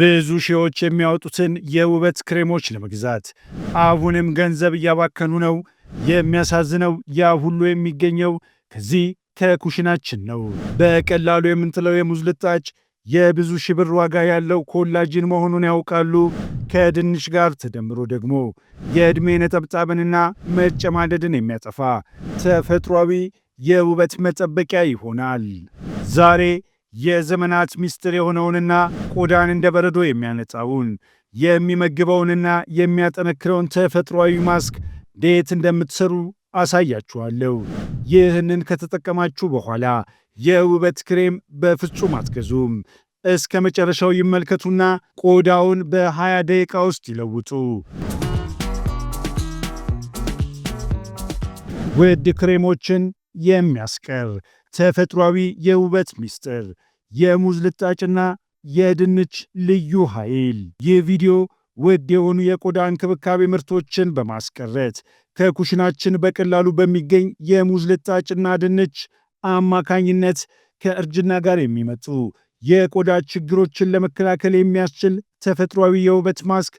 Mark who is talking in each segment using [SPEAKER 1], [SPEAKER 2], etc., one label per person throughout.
[SPEAKER 1] ብዙ ሺዎች የሚያወጡትን የውበት ክሬሞች ለመግዛት አሁንም ገንዘብ እያባከኑ ነው። የሚያሳዝነው ያ ሁሉ የሚገኘው ከዚህ ከኩሽናችን ነው። በቀላሉ የምንጥለው የሙዝ ልጣጭ የብዙ ሺ ብር ዋጋ ያለው ኮላጅን መሆኑን ያውቃሉ። ከድንች ጋር ተደምሮ ደግሞ የዕድሜ ነጠብጣብንና መጨማደድን የሚያጠፋ ተፈጥሯዊ የውበት መጠበቂያ ይሆናል ዛሬ የዘመናት ምስጢር የሆነውንና ቆዳን እንደ በረዶ የሚያነጻውን የሚመግበውንና የሚያጠነክረውን ተፈጥሯዊ ማስክ እንዴት እንደምትሰሩ አሳያችኋለሁ። ይህንን ከተጠቀማችሁ በኋላ የውበት ክሬም በፍጹም አትገዙም። እስከ መጨረሻው ይመልከቱና ቆዳውን በ20 ደቂቃ ውስጥ ይለውጡ። ውድ ክሬሞችን የሚያስቀር ተፈጥሯዊ የውበት ምስጢር የሙዝ ልጣጭና የድንች ልዩ ኃይል። ይህ ቪዲዮ ውድ የሆኑ የቆዳ እንክብካቤ ምርቶችን በማስቀረት ከኩሽናችን በቀላሉ በሚገኝ የሙዝ ልጣጭና ድንች አማካኝነት ከእርጅና ጋር የሚመጡ የቆዳ ችግሮችን ለመከላከል የሚያስችል ተፈጥሯዊ የውበት ማስክ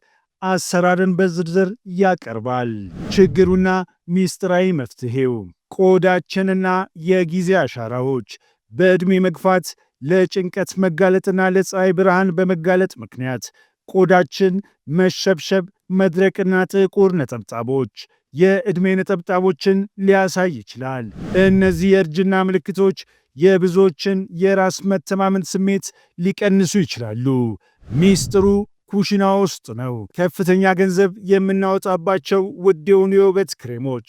[SPEAKER 1] አሰራርን በዝርዝር ያቀርባል። ችግሩና ሚስጥራዊ መፍትሄው። ቆዳችንና የጊዜ አሻራዎች በዕድሜ መግፋት ለጭንቀት መጋለጥና ለፀሐይ ብርሃን በመጋለጥ ምክንያት ቆዳችን መሸብሸብ፣ መድረቅና ጥቁር ነጠብጣቦች የዕድሜ ነጠብጣቦችን ሊያሳይ ይችላል። እነዚህ የእርጅና ምልክቶች የብዙዎችን የራስ መተማመን ስሜት ሊቀንሱ ይችላሉ። ሚስጥሩ ኩሽና ውስጥ ነው። ከፍተኛ ገንዘብ የምናወጣባቸው ውድ የሆኑ የውበት ክሬሞች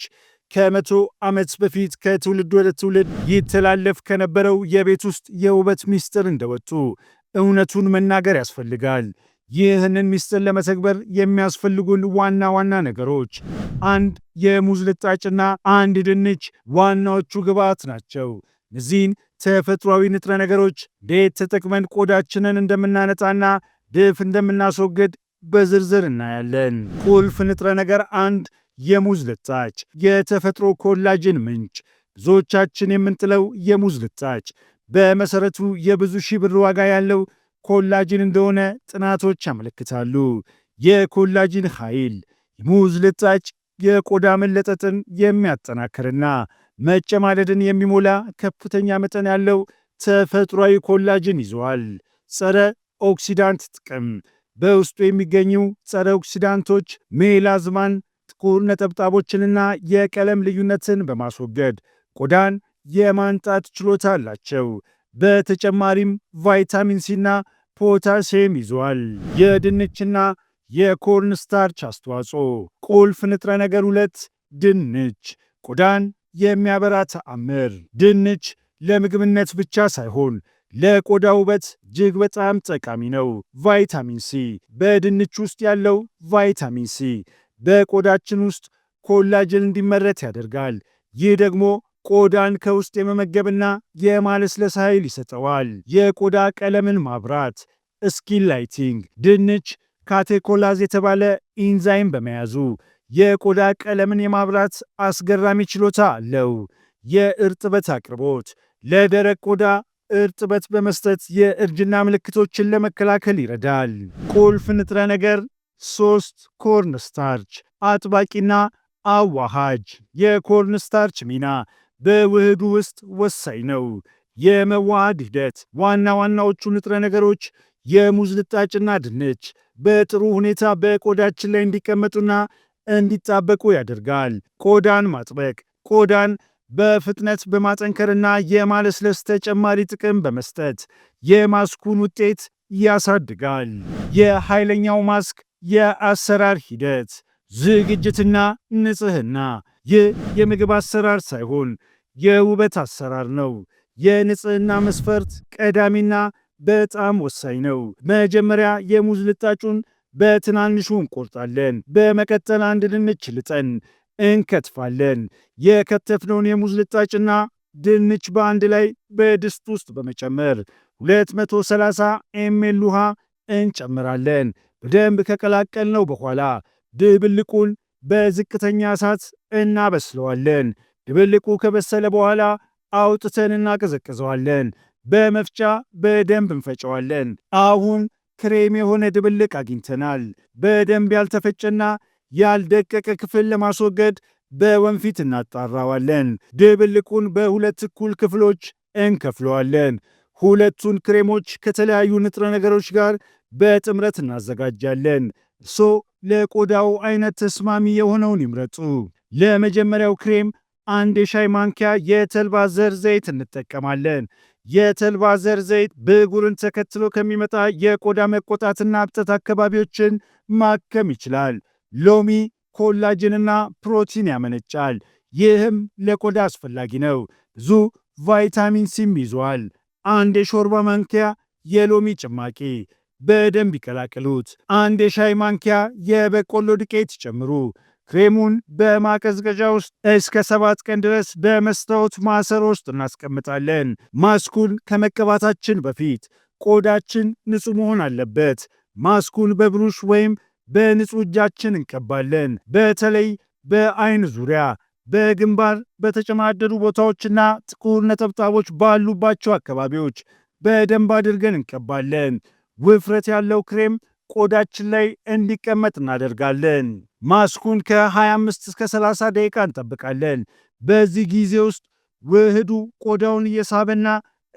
[SPEAKER 1] ከመቶ ዓመት በፊት ከትውልድ ወደ ትውልድ ይተላለፍ ከነበረው የቤት ውስጥ የውበት ሚስጥር እንደወጡ እውነቱን መናገር ያስፈልጋል። ይህንን ሚስጥር ለመተግበር የሚያስፈልጉን ዋና ዋና ነገሮች አንድ የሙዝ ልጣጭና አንድ ድንች ዋናዎቹ ግብዓት ናቸው። እነዚህን ተፈጥሯዊ ንጥረ ነገሮች እንዴት ተጠቅመን ቆዳችንን እንደምናነጣና ድፍ እንደምናስወግድ በዝርዝር እናያለን። ቁልፍ ንጥረ ነገር አንድ የሙዝ ልጣጭ የተፈጥሮ ኮላጅን ምንጭ። ብዙዎቻችን የምንጥለው የሙዝ ልጣጭ በመሰረቱ የብዙ ሺህ ብር ዋጋ ያለው ኮላጅን እንደሆነ ጥናቶች ያመለክታሉ። የኮላጅን ኃይል የሙዝ ልጣጭ የቆዳ መለጠጥን የሚያጠናክርና መጨማደድን የሚሞላ ከፍተኛ መጠን ያለው ተፈጥሯዊ ኮላጅን ይዘዋል። ጸረ ኦክሲዳንት ጥቅም በውስጡ የሚገኙ ጸረ ኦክሲዳንቶች ሜላዝማን ጥቁር ነጠብጣቦችንና የቀለም ልዩነትን በማስወገድ ቆዳን የማንጣት ችሎታ አላቸው። በተጨማሪም ቫይታሚን ሲና ፖታሲየም ይዟል። የድንችና የኮርን ስታርች አስተዋጽኦ ቁልፍ ንጥረ ነገር ሁለት ድንች ቆዳን የሚያበራ ተአምር። ድንች ለምግብነት ብቻ ሳይሆን ለቆዳ ውበት እጅግ በጣም ጠቃሚ ነው። ቫይታሚን ሲ በድንች ውስጥ ያለው ቫይታሚን ሲ በቆዳችን ውስጥ ኮላጅን እንዲመረት ያደርጋል። ይህ ደግሞ ቆዳን ከውስጥ የመመገብና የማለስለስ ኃይል ይሰጠዋል። የቆዳ ቀለምን ማብራት ስኪን ላይቲንግ፣ ድንች ካቴኮላዝ የተባለ ኢንዛይም በመያዙ የቆዳ ቀለምን የማብራት አስገራሚ ችሎታ አለው። የእርጥበት አቅርቦት ለደረቅ ቆዳ እርጥበት በመስጠት የእርጅና ምልክቶችን ለመከላከል ይረዳል። ቁልፍ ንጥረ ነገር ሶስት ኮርንስታርች አጥባቂና አዋሃጅ። የኮርንስታርች ሚና በውህዱ ውስጥ ወሳኝ ነው። የመዋሃድ ሂደት ዋና ዋናዎቹ ንጥረ ነገሮች የሙዝ ልጣጭና ድንች በጥሩ ሁኔታ በቆዳችን ላይ እንዲቀመጡና እንዲጣበቁ ያደርጋል። ቆዳን ማጥበቅ ቆዳን በፍጥነት በማጠንከርና የማለስለስ ተጨማሪ ጥቅም በመስጠት የማስኩን ውጤት ያሳድጋል። የኃይለኛው ማስክ የአሰራር ሂደት ዝግጅትና ንጽህና። ይህ የምግብ አሰራር ሳይሆን የውበት አሰራር ነው። የንጽህና መስፈርት ቀዳሚና በጣም ወሳኝ ነው። መጀመሪያ የሙዝ ልጣጩን በትናንሹ እንቆርጣለን። በመቀጠል አንድ ድንች ልጠን እንከትፋለን። የከተፍነውን የሙዝ ልጣጭና ድንች በአንድ ላይ በድስት ውስጥ በመጨመር 230 ኤምኤል ውሃ እንጨምራለን። በደንብ ከቀላቀልነው በኋላ ድብልቁን በዝቅተኛ እሳት እናበስለዋለን። ድብልቁ ከበሰለ በኋላ አውጥተን እናቀዘቅዘዋለን። በመፍጫ በደንብ እንፈጨዋለን። አሁን ክሬም የሆነ ድብልቅ አግኝተናል። በደንብ ያልተፈጨና ያልደቀቀ ክፍል ለማስወገድ በወንፊት እናጣራዋለን። ድብልቁን በሁለት እኩል ክፍሎች እንከፍለዋለን። ሁለቱን ክሬሞች ከተለያዩ ንጥረ ነገሮች ጋር በጥምረት እናዘጋጃለን። እርሶ ለቆዳው አይነት ተስማሚ የሆነውን ይምረጡ። ለመጀመሪያው ክሬም አንድ የሻይ ማንኪያ የተልባ ዘር ዘይት እንጠቀማለን። የተልባ ዘር ዘይት ብጉርን ተከትሎ ከሚመጣ የቆዳ መቆጣትና እብጠት አካባቢዎችን ማከም ይችላል። ሎሚ ኮላጅንና ፕሮቲን ያመነጫል። ይህም ለቆዳ አስፈላጊ ነው። ብዙ ቫይታሚን ሲም ይዟል። አንድ የሾርባ ማንኪያ የሎሚ ጭማቂ በደንብ ይቀላቅሉት። አንድ የሻይ ማንኪያ የበቆሎ ዱቄት ጨምሩ። ክሬሙን በማቀዝቀዣ ውስጥ እስከ ሰባት ቀን ድረስ በመስታወት ማሰሮ ውስጥ እናስቀምጣለን። ማስኩን ከመቀባታችን በፊት ቆዳችን ንጹህ መሆን አለበት። ማስኩን በብሩሽ ወይም በንጹህ እጃችን እንቀባለን። በተለይ በአይን ዙሪያ፣ በግንባር፣ በተጨማደዱ ቦታዎችና ጥቁር ነጠብጣቦች ባሉባቸው አካባቢዎች በደንብ አድርገን እንቀባለን። ውፍረት ያለው ክሬም ቆዳችን ላይ እንዲቀመጥ እናደርጋለን። ማስኩን ከ25 እስከ 30 ደቂቃ እንጠብቃለን። በዚህ ጊዜ ውስጥ ውህዱ ቆዳውን እየሳበና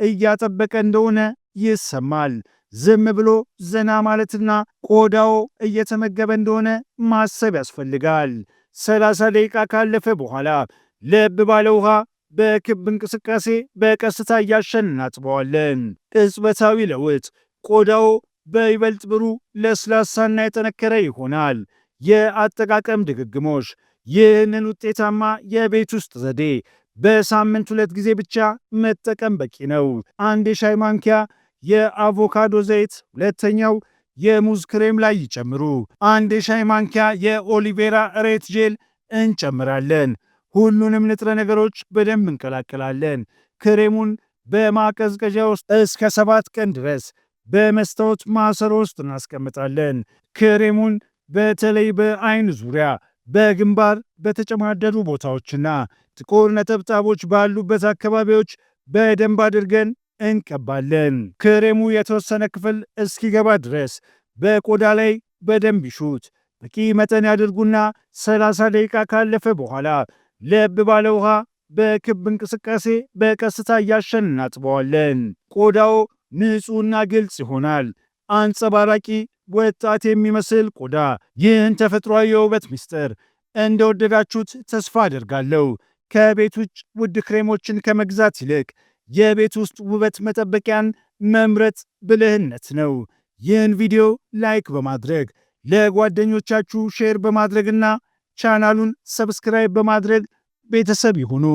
[SPEAKER 1] እያጠበቀ እንደሆነ ይሰማል። ዝም ብሎ ዘና ማለትና ቆዳው እየተመገበ እንደሆነ ማሰብ ያስፈልጋል። 30 ደቂቃ ካለፈ በኋላ ለብ ባለ ውሃ በክብ እንቅስቃሴ በቀስታ እያሸን እናጥበዋለን። ቅጽበታዊ ለውጥ ቆዳው በይበልጥ ብሩህ ለስላሳና የጠነከረ ይሆናል። የአጠቃቀም ድግግሞሽ፣ ይህንን ውጤታማ የቤት ውስጥ ዘዴ በሳምንት ሁለት ጊዜ ብቻ መጠቀም በቂ ነው። አንድ የሻይ ማንኪያ የአቮካዶ ዘይት፣ ሁለተኛው የሙዝ ክሬም ላይ ይጨምሩ። አንድ የሻይ ማንኪያ የኦሊቬራ ሬት ጄል እንጨምራለን። ሁሉንም ንጥረ ነገሮች በደንብ እንቀላቅላለን። ክሬሙን በማቀዝቀዣ ውስጥ እስከ ሰባት ቀን ድረስ በመስታወት ማሰሮ ውስጥ እናስቀምጣለን። ክሬሙን በተለይ በአይን ዙሪያ፣ በግንባር በተጨማደዱ ቦታዎችና ጥቁር ነጠብጣቦች ባሉበት አካባቢዎች በደንብ አድርገን እንቀባለን። ክሬሙ የተወሰነ ክፍል እስኪገባ ድረስ በቆዳ ላይ በደንብ ይሹት። በቂ መጠን ያድርጉና 30 ደቂቃ ካለፈ በኋላ ለብ ባለ ውሃ በክብ እንቅስቃሴ በቀስታ እያሸን እናጥበዋለን። ቆዳው ንጹሕና ግልጽ ይሆናል። አንጸባራቂ ወጣት የሚመስል ቆዳ። ይህን ተፈጥሯዊ የውበት ምስጢር እንደወደዳችሁት ተስፋ አደርጋለሁ። ከቤት ውጭ ውድ ክሬሞችን ከመግዛት ይልቅ የቤት ውስጥ ውበት መጠበቂያን መምረጥ ብልህነት ነው። ይህን ቪዲዮ ላይክ በማድረግ ለጓደኞቻችሁ ሼር በማድረግና ቻናሉን ሰብስክራይብ በማድረግ ቤተሰብ ይሁኑ።